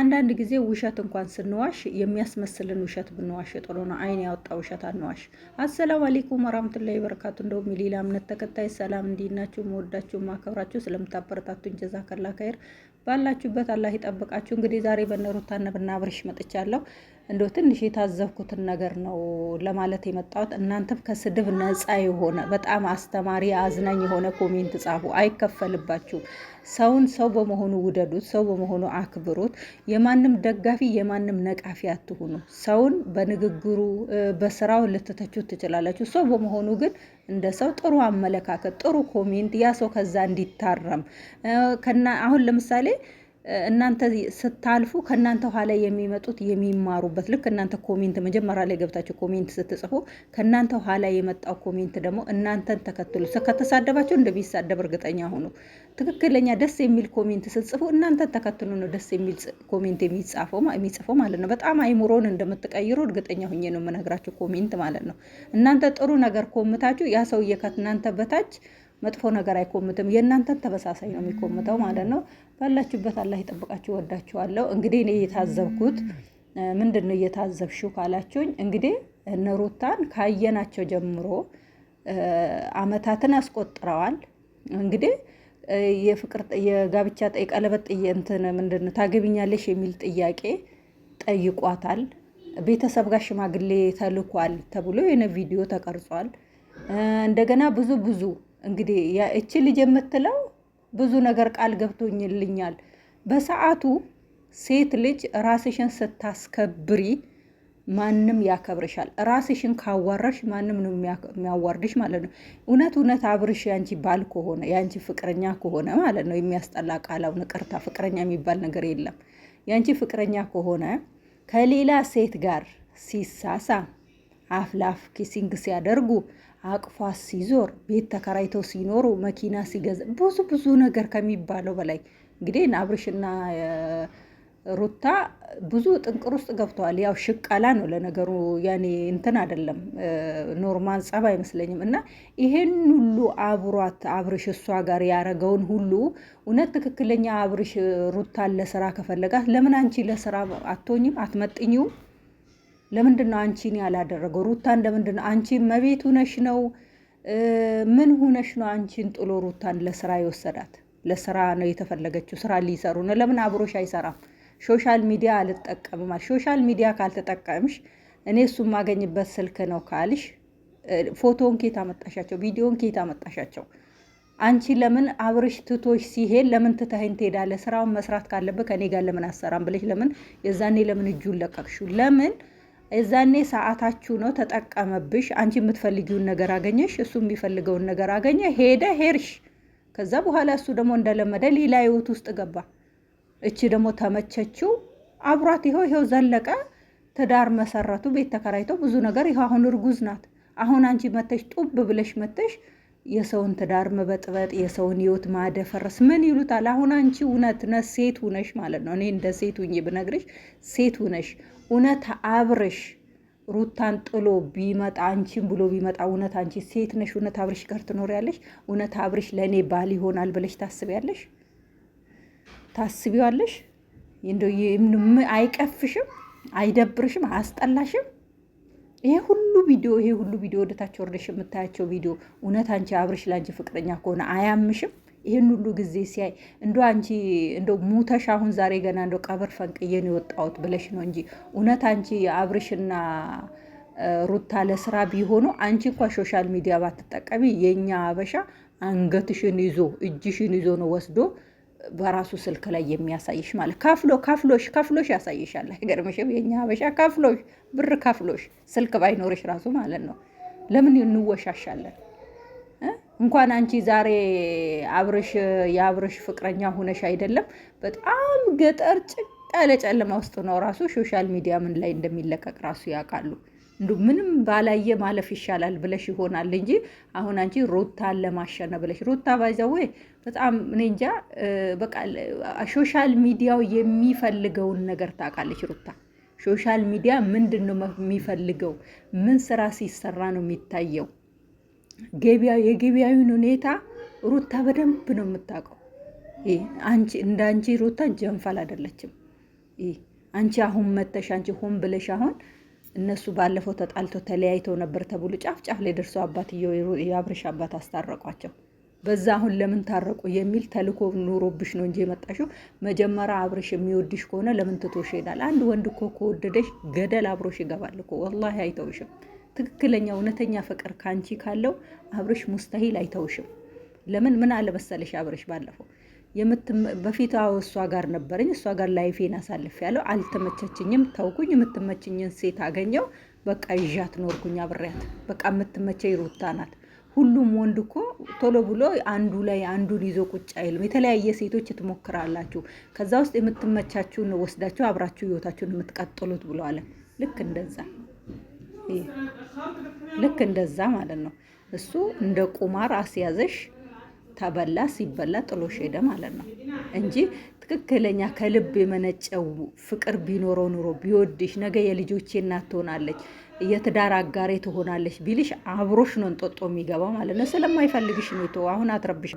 አንዳንድ ጊዜ ውሸት እንኳን ስንዋሽ የሚያስመስልን ውሸት ብንዋሽ ጥሩ ነው። አይን ያወጣ ውሸት አንዋሽ። አሰላሙ አሌይኩም ወራህመቱላሂ በረካቱ። እንደውም የሌላ እምነት ተከታይ ሰላም፣ እንዲናችሁ መወዳችሁ ማከብራችሁ ስለምታበረታቱኝ ጀዛከላ ከይር። ባላችሁበት አላህ ይጠብቃችሁ። እንግዲህ ዛሬ በነሩታና በናብርሽ መጥቻለሁ። እንደው ትንሽ የታዘብኩትን ነገር ነው ለማለት የመጣሁት። እናንተም ከስድብ ነፃ የሆነ በጣም አስተማሪ አዝናኝ የሆነ ኮሜንት ጻፉ። አይከፈልባችሁ። ሰውን ሰው በመሆኑ ውደዱት፣ ሰው በመሆኑ አክብሩት። የማንም ደጋፊ የማንም ነቃፊ አትሁኑ። ሰውን በንግግሩ በስራው ልትተቹት ትችላላችሁ። ሰው በመሆኑ ግን እንደ ሰው ጥሩ አመለካከት፣ ጥሩ ኮሜንት ያ ሰው ከዛ እንዲታረም ከና አሁን ለምሳሌ እናንተ ስታልፉ ከእናንተ ኋላ የሚመጡት የሚማሩበት ልክ እናንተ ኮሜንት መጀመሪያ ላይ ገብታችሁ ኮሜንት ስትጽፉ ከእናንተ ኋላ የመጣው ኮሜንት ደግሞ እናንተን ተከትሉ ከተሳደባቸው እንደሚሳደብ እርግጠኛ ሆኑ። ትክክለኛ ደስ የሚል ኮሜንት ስትጽፉ እናንተን ተከትሉ ነው ደስ የሚል ኮሜንት የሚጽፈው ማለት ነው። በጣም አይምሮን እንደምትቀይሩ እርግጠኛ ሁኜ ነው የምነግራችሁ ኮሜንት ማለት ነው። እናንተ ጥሩ ነገር ኮምታችሁ ያ ሰውዬ ከእናንተ በታች መጥፎ ነገር አይኮምትም። የእናንተን ተመሳሳይ ነው የሚኮምተው ማለት ነው። ባላችሁበት አላህ ይጠብቃችሁ። ወዳችኋለሁ። እንግዲህ እኔ እየታዘብኩት ምንድን ነው እየታዘብሽው ካላችሁኝ፣ እንግዲህ እነሩታን ካየናቸው ጀምሮ አመታትን አስቆጥረዋል። እንግዲህ የፍቅር የጋብቻ ቀለበት እንትን ምንድን ነው ታገቢኛለሽ የሚል ጥያቄ ጠይቋታል። ቤተሰብ ጋር ሽማግሌ ተልኳል ተብሎ የነ ቪዲዮ ተቀርጿል። እንደገና ብዙ ብዙ እንግዲህ እቺ ልጅ የምትለው ብዙ ነገር ቃል ገብቶኝልኛል። በሰዓቱ ሴት ልጅ ራስሽን ስታስከብሪ ማንም ያከብርሻል። ራስሽን ካዋረሽ ማንም ነው የሚያዋርድሽ ማለት ነው። እውነት እውነት አብርሽ ያንቺ ባል ከሆነ ያንቺ ፍቅረኛ ከሆነ ማለት ነው የሚያስጠላ ቃላው ንቅርታ ፍቅረኛ የሚባል ነገር የለም። ያንቺ ፍቅረኛ ከሆነ ከሌላ ሴት ጋር ሲሳሳ አፍላፍ ኪሲንግ ሲያደርጉ አቅፏ ሲዞር ቤት ተከራይተው ሲኖሩ መኪና ሲገዛ ብዙ ብዙ ነገር ከሚባለው በላይ እንግዲህ አብርሽና ሩታ ብዙ ጥንቅር ውስጥ ገብተዋል። ያው ሽቀላ ነው ለነገሩ፣ ያኔ እንትን አይደለም ኖርማል ጸባ አይመስለኝም። እና ይሄን ሁሉ አብሯት አብርሽ እሷ ጋር ያረገውን ሁሉ እውነት ትክክለኛ አብርሽ ሩታን ለስራ ከፈለጋት ለምን አንቺ ለስራ አትሆኝም አትመጥኝም? ለምንድን ነው አንቺን ያላደረገው? ሩታ እንደምንድን ነው አንቺ መቤት ሁነሽ ነው? ምን ሁነሽ ነው አንቺን ጥሎ ሩታን ለስራ የወሰዳት? ለስራ ነው የተፈለገችው፣ ስራ ሊሰሩ ነው። ለምን አብሮሽ አይሰራም? ሶሻል ሚዲያ አልጠቀምም ሶሻል ሚዲያ ካልተጠቀምሽ እኔ እሱ የማገኝበት ስልክ ነው ካልሽ፣ ፎቶን ኬት አመጣሻቸው? ቪዲዮን ኬት አመጣሻቸው? አንቺ ለምን አብርሽ ትቶሽ ሲሄድ ለምን ትተኸኝ ትሄዳለህ? ስራውን መስራት ካለብህ ከኔ ጋር ለምን አሰራም ብለሽ ለምን የዛኔ ለምን እጁን ለቀቅሹ? ለምን የዛኔ ሰዓታችሁ ነው፣ ተጠቀመብሽ። አንቺ የምትፈልጊውን ነገር አገኘሽ፣ እሱ የሚፈልገውን ነገር አገኘ፣ ሄደ፣ ሄርሽ። ከዛ በኋላ እሱ ደግሞ እንደለመደ ሌላ ህይወት ውስጥ ገባ። እቺ ደግሞ ተመቸችው፣ አብሯት ይኸው ይኸው ዘለቀ። ትዳር መሰረቱ፣ ቤት ተከራይተው ብዙ ነገር። ይኸው አሁን እርጉዝ ናት። አሁን አንቺ መተሽ ጡብ ብለሽ መተሽ የሰውን ትዳር መበጥበጥ፣ የሰውን ህይወት ማደፈረስ ምን ይሉታል? አሁን አንቺ እውነት ነ ሴት ሁነሽ ማለት ነው። እኔ እንደ ሴት ሁኜ ብነግርሽ ሴት ሁነሽ እውነት አብርሽ ሩታን ጥሎ ቢመጣ አንቺን ብሎ ቢመጣ እውነት አንቺ ሴት ነሽ እውነት አብርሽ ጋር ትኖሪያለሽ? እውነት አብርሽ ለእኔ ባል ይሆናል ብለሽ ታስቢያለሽ? ታስቢዋለሽ? እንደው አይቀፍሽም? አይደብርሽም? አያስጠላሽም? ይሄ ሁሉ ቪዲዮ ይሄ ሁሉ ቪዲዮ ወደታች ወርደሽ የምታያቸው ቪዲዮ እውነት አንቺ አብርሽ ላንቺ ፍቅረኛ ከሆነ አያምሽም? ይህን ሁሉ ጊዜ ሲያይ እንደ አንቺ እንደ ሙተሽ አሁን ዛሬ ገና እንደ ቀብር ፈንቅየን የወጣሁት ብለሽ ነው እንጂ እውነት አንቺ አብርሽና ሩታ ለስራ ቢሆኑ አንቺ እንኳ ሶሻል ሚዲያ ባትጠቀሚ የእኛ አበሻ አንገትሽን ይዞ እጅሽን ይዞ ነው ወስዶ በራሱ ስልክ ላይ የሚያሳይሽ ማለት ካፍሎ ካፍሎሽ ካፍሎሽ ያሳይሻል። አይገርምሽም? የኛ ሀበሻ ካፍሎሽ ብር ካፍሎሽ ስልክ ባይኖርሽ ራሱ ማለት ነው። ለምን እንወሻሻለን? እንኳን አንቺ ዛሬ አብርሽ የአብርሽ ፍቅረኛ ሁነሽ አይደለም በጣም ገጠር ጭቅ ያለ ጨለማ ውስጥ ነው ራሱ ሶሻል ሚዲያ ምን ላይ እንደሚለቀቅ ራሱ ያውቃሉ። እንዱ ምንም ባላየ ማለፍ ይሻላል ብለሽ ይሆናል እንጂ አሁን አንቺ ሩታን ለማሸነፍ ብለሽ ሩታ ባይዘዌ በጣም እኔ እንጃ በቃ ሶሻል ሚዲያው የሚፈልገውን ነገር ታውቃለች ሩታ። ሶሻል ሚዲያ ምንድን ነው የሚፈልገው? ምን ስራ ሲሰራ ነው የሚታየው? የገቢያዊን ሁኔታ ሩታ በደንብ ነው የምታውቀው። አንቺ እንደ አንቺ ሩታ ጀንፋል አይደለችም። አንቺ አሁን መተሽ አንቺ ሆን ብለሽ አሁን እነሱ ባለፈው ተጣልቶ ተለያይተው ነበር ተብሎ ጫፍ ጫፍ ላይ ደርሶ አባትየው የአብርሽ አባት አስታረቋቸው። በዛ አሁን ለምን ታረቁ የሚል ተልኮ ኑሮብሽ ነው እንጂ የመጣሽው። መጀመሪያ አብርሽ የሚወድሽ ከሆነ ለምን ትቶሽ ይሄዳል? አንድ ወንድ እኮ ከወደደሽ ገደል አብሮሽ ይገባል እኮ ወላሂ አይተውሽም። ትክክለኛ እውነተኛ ፍቅር ካንቺ ካለው አብርሽ ሙስተሂል አይተውሽም። ለምን ምን አለበሰለሽ አብርሽ ባለፈው በፊት እሷ ጋር ነበረኝ። እሷ ጋር ላይፌን አሳልፍ ያለው አልተመቸችኝም፣ ተውኩኝ። የምትመችኝን ሴት አገኘው፣ በቃ ይዣት ኖርኩኝ አብሬያት። በቃ የምትመቸኝ ሩታ ናት። ሁሉም ወንድ እኮ ቶሎ ብሎ አንዱ ላይ አንዱን ይዞ ቁጭ አይልም። የተለያየ ሴቶች ትሞክራላችሁ፣ ከዛ ውስጥ የምትመቻችሁን ወስዳችሁ አብራችሁ ህይወታችሁን የምትቀጥሉት ብለዋል። ልክ እንደዛ ልክ እንደዛ ማለት ነው። እሱ እንደ ቁማር አስያዘሽ ተበላ ሲበላ ጥሎሽ ሄደ ማለት ነው እንጂ ትክክለኛ ከልብ የመነጨው ፍቅር ቢኖረው ኑሮ ቢወድሽ ነገ የልጆቼ እናት ትሆናለች የትዳር አጋሬ ትሆናለች ቢልሽ አብሮሽ ነው እንጦጦ የሚገባው ማለት ነው። ስለማይፈልግሽ ነው። አሁን አትረብሽ።